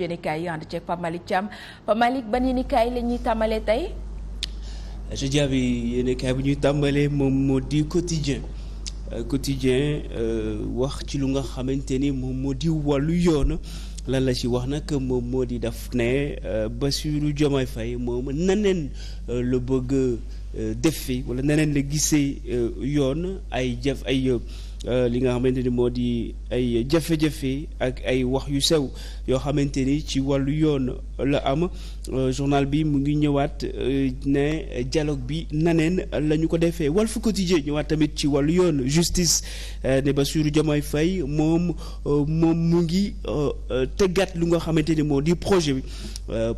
yéenekaay yi ànd ceeg Pape Malick Thiam Pape Malick ban yéenekaay la ñuy tàmbalee tey. je dirais bi yéenekaay bu ñuy tàmbalee moom moo di quotidien euh, quotidien euh, wax ci lu nga xamante ni moom moo di wàllu yoon lan la ci wax nag moom moo di daf ne ba euh, Bassirou Diomaye Faye moom naneen la bëgg def fi wala naneen la gisee yoon ay jëf ay. Euh, li nga xamante ni moo di ay jafe-jafe ak ay wax yu sew yoo xamante ni ci wàllu yoon la am euh, journal bi mu ngi ñëwaat euh, ne dialogue bi naneen la ko defee Walf Quotidien ñëwaat tamit ci wàllu yoon justice ne ba Diomaye Faye fay moom mu ngi teggaat lu nga xamante ni moo di projet bi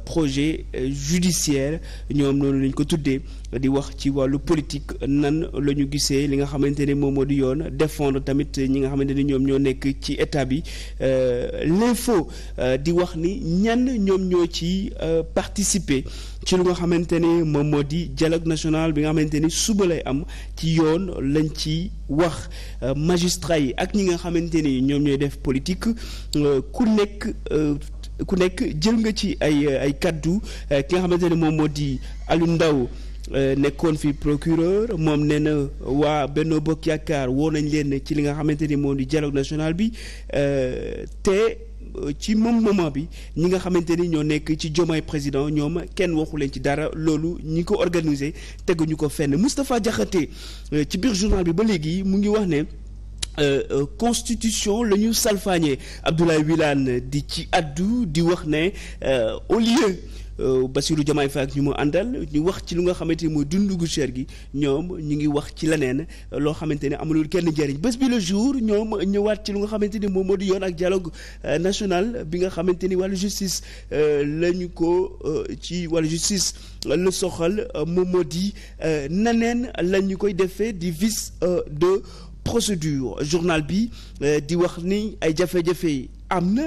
projet judiciaire ñoom noonu lañ ko tuddee di wax ci wàllu politique nan la ñu gisee li nga xamante ni moom moo di yoon défendre tamit ñi nga xamante ni ñoom ñoo nekk ci état bi euh, l'info euh, di wax ni ñan ñoom ñoo ci euh, participer ci lu nga xamante ni moom moo di dialogue national bi nga xamante ni suba lay am ci yoon lañ ci wax magistrat yi ak ñi nga xamante ni ñoom ñooy def politique ku nekk ku nekk jël nga ci ay ay kaddu ki nga xamante ni moom moo di Alioune Ndao Euh, nekkoon fi procureur moom nee na waa Benno Bokk Yaakaar woo nañ leen ci li nga xamante ni moo di dialogue national bi euh, te euh, ci moom moment bi ñi nga xamante ni ñoo nekk ci Diomaye président ñoom kenn waxu leen ci dara loolu ñi ko organisé teguñu ko fenn Moustapha Diakhaté ci biir journal bi ba léegi mu ngi wax ne. Euh, euh, constitution la ñu salfaañee Abdoulaye Wilane di ci addu di wax ne euh, au lieu Euh, Bassirou Diomaye Faye ak ñu mu àndal ñu wax ci lu nga xamante ni mooy dundu gu cher gi ñoom ñu ngi wax ci leneen loo xamante ne amulul kenn njëriñ bés bi le jour ñoom ñëwaat ci lu nga xamante ni moom moo di yoon ak dialogue euh, national bi nga xamante ni wàllu justice euh, lañu ko ci wàllu justice la soxal moom moo di naneen lañu koy defe di vice de procédure journal bi di wax ni ay jafe-jafe am na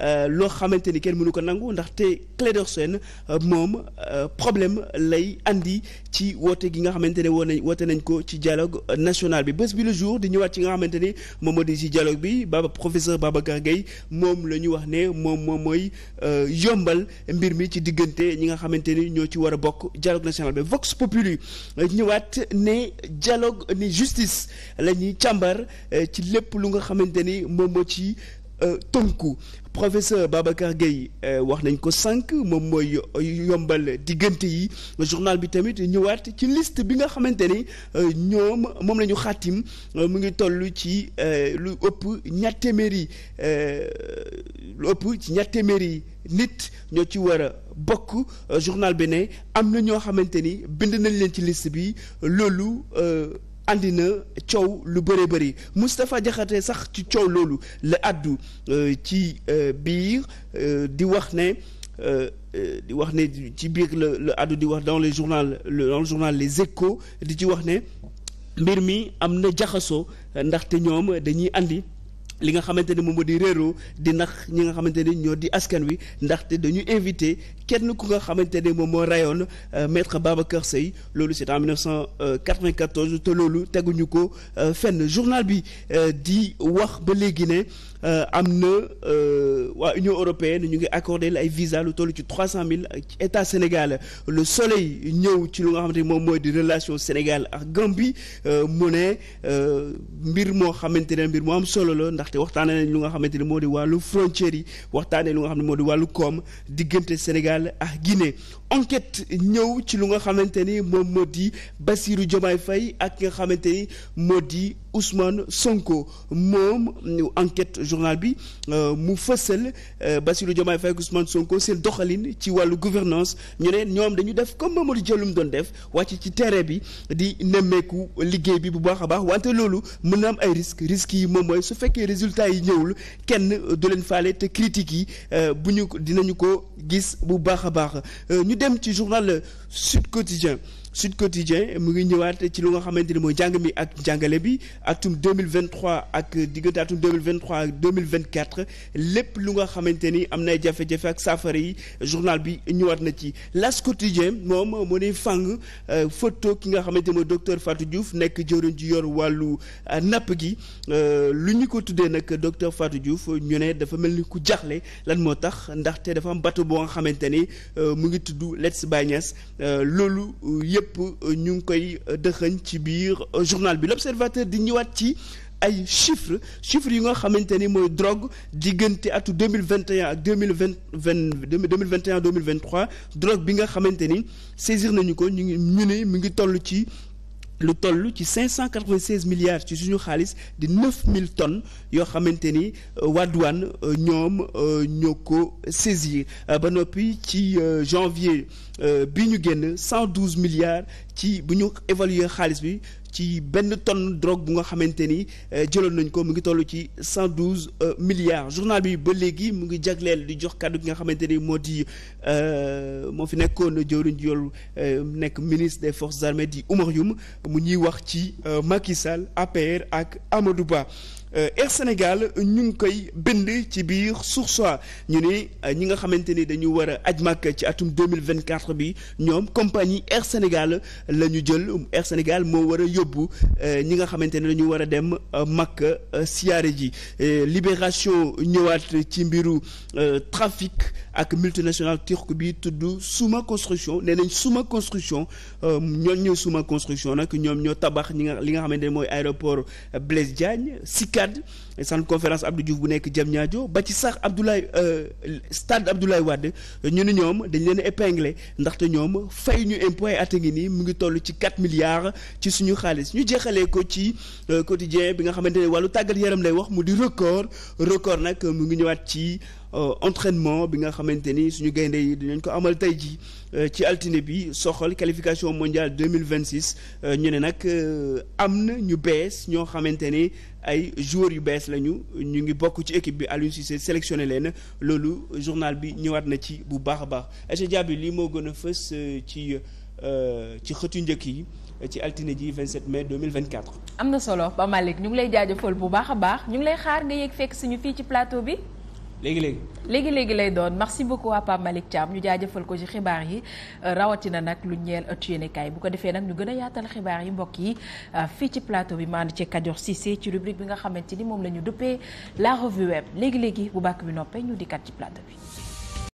euh, loo xamante ni kenn mënu ko nangu ndaxte Clédor Sène euh, moom euh, problème lay andi ci woote gi nga xamante ne woo nañ woote nañ ko ci dialogue national bi bés bi le jour di ñëwaat ci nga xamante ni moom moo di ci dialogue bi baba professeur Babacar Gueye moom la ñu wax ne moom moom mooy yombal mbir mi ci diggante ñi nga xamante ni ñoo ci war a bokk dialogue national bi Vox Populi ñëwaat ne dialogue ni justice la ñuy càmbar ci lépp lu nga xamante ni moom moo ci Euh, tënku professeur Babacar Gueye euh, wax nañ ko sànq moom mooy yombal diggante yi journal bi tamit ñëwaat ci list bi nga xamante ni euh, ñoom moom la ñu xaatim mu ngi toll ci lu ëpp ñaar téeméeri lu ëpp ci ñaar téeméeri nit ñoo ci war a bokk journal bi ne am na ñoo xamante ni bind nañ leen ci liste bi loolu. andi na coow lu bëree bëri Moustapha Diakhaté sax ci coow loolu la addu euh, ci euh, biir euh, di wax ne di wax ne ci biir la la di wax dans les journal dans le journal Les Échos di ci wax ne mbir mi am na jaxasoo ndaxte ñoom dañuy indi li nga xamante ne moom moo di réeroo di nax ñi nga xamante ne ñoo di askan wi ndaxte dañuy invité kenn ku nga xamante ne moom moo rayoon euh, maître Babacar Seye loolu c'est en 1994 euh, te loolu ñu ko euh, fenn journal bi di wax ba léegi ne am na waa Union européenne ñu ngi accordé ay visa lu toll ci 300 000 état Sénégal le soleil ñëw ci lu nga xamante ne moom mooy di relation Sénégal ak Gambie mu ne mbir moo xamante ne mbir moo am solo ndaxte waxtaanee lu nga xamante ne moo di wàllu frontières yi waxtaanee lu nga xam ne moo di wàllu koom diggante Sénégal. ah ak Guinée ñëw ci lu nga xamante ni moom moo di Bassirou Diomaye Faye ak nga xamante ni moo di Ousmane Sonko moom enquête journal bi euh, mu fësal euh, Bassirou Diomaye Faye ak Ousmane Sonko seen doxalin ci wàllu gouvernance ñu ne ñoom dañu def comme Mamadou Diallo mu doon def wàcc ci terrain bi di nemmeeku liggéey bi bu baax a baax wante loolu mën na am ay risques risques yi moom mooy su fekkee résultat yi ñëwul kenn du leen faale te critiques yi euh, bu ñu dinañu ko gis bu baax a baax ñu dem ci journal Sud Quotidien Sud Quotidien mu ngi ñëwaat ci lu nga xamante ni mooy jàng mi ak jàngale bi atum 2023 ak diggante atum 2023 ak 2024 lépp lu nga xamante ni am nay jafe-jafe ak saafara yi journal bi ñëwaat na ci L'As Quotidien moom moo ne fàng euh, photo ki nga xamante ni mooy docteur Fatou Diouf nekk jëwriñ ji yor wàllu euh, napp gi euh, lu ñu ko tuddee nag docteur Fatou Diouf ñu ne dafa mel ni ku jaxle lan moo tax ndaxte dafa am boo nga xamante ni mu ngi tudd Let's Bañas loolu yëpp euh, ñu ngi koy euh, dëxëñ ci biir euh, journal bi l'observateur di ñëwaat ci ay chiffres chiffres yi nga xamante ni mooy drogue diggante atu deux mille vingt et un ak deux mille vingt deux mille vingt et un deux mille vingt trois drogue bi nga xamante ni saisir nañu ko ñu ngi mu ne mi ngi toll ci. lu toll ci cinq cent quatre-vingt-seize milliards ci suñu xaalis di neuf mille tonnes yoo xamante ni euh, waa euh, ñoom euh, ñoo ko saisir ba noppi ci janvier bi ñu génn cent douze milliards ci buñu évaluer xaalis bi ci benn tonne drogue bu nga xamante ni euh, jëloon nañ ko mu ngi toll ci cent douze euh, milliards journal bi ba léegi mu ngi jagleel di jox kàddu gi nga xamante ni moo di euh, moo fi nekkoon jëwriñ ji yool nekk ministre des forces armées di Oumar Youm mu ñuy wax ci Macky Sall APR ak Amadou Ba Euh, Air Sénégal ñu ngi koy bind ci biir Source A ñu ne euh, ñi nga xamante ni dañu war a aj màkk ci atum deux mille vingt quatre bi ñoom compagnie Air Sénégal la ñu jël Air Sénégal moo war a yóbbu euh, ñi nga xamante ne dañu war a dem màkk siyaare ji Libération ñëwaat ci mbiru trafic ak multinational turc bi tudd Suma Construction nee nañ Suma Construction ñoo ñëw Suma Construction nag ñoom ñoo tabax ñi nga li nga xamante ne mooy aéroport Blaise Diagne Tchad centre conférence Abdou Diouf bu nekk Diamniadio ba ci sax Abdoulaye euh, stade Abdoulaye wadd ñu ne ñoom dañ leen épinglé ndaxte ñoom fay ñu impôt at ngi nii mu ngi toll ci 4 milliards ci suñu xaalis ñu jeexalee ko ci euh, quotidien bi nga xamante ne wàllu tàggat yaram lay wax mu di record record nag mu ngi ñëwaat ci Euh, entraînement bi nga xamante ni suñu gaynde yi dinañ ko amal tey ji euh, ci altine bi soxal qualification mondial deux mille vingt six euh, ñu ne nag am na ñu bees ñoo xamante ni ay joueurs yu bees lañu ñu ngi bokk ci équipe bi Aliou Cissé sélectionné leen loolu journal bi ñëwaat na ci bu baax a baax Aïcha Diaby lii moo gën a fës ci ci xëtu njëkk yi. ci altine ji 27 mai 2024. am na solo ba Malick ñu ngi lay jaajëfal bu baax a baax ñu ngi lay xaar nga yéeg fekk suñu fii ci plateau bi. léegi léegi. léegi léegi lay doon merci beaucoup à Pape Malick Thiam ñu ko ci xibaar yi euh, rawatina nag lu ñeel ëttu yéenekaay bu ko defee nag ñu gën a yaatal xibaar yi mbokk yi euh, fii ci plateau bi maandu ci Kajoor Cissé ci rubrique bi nga xamante ni moom lañu ñu duppee la revue web léegi léegi bu bàkk bi noppee ñu di kat ci plateau bi.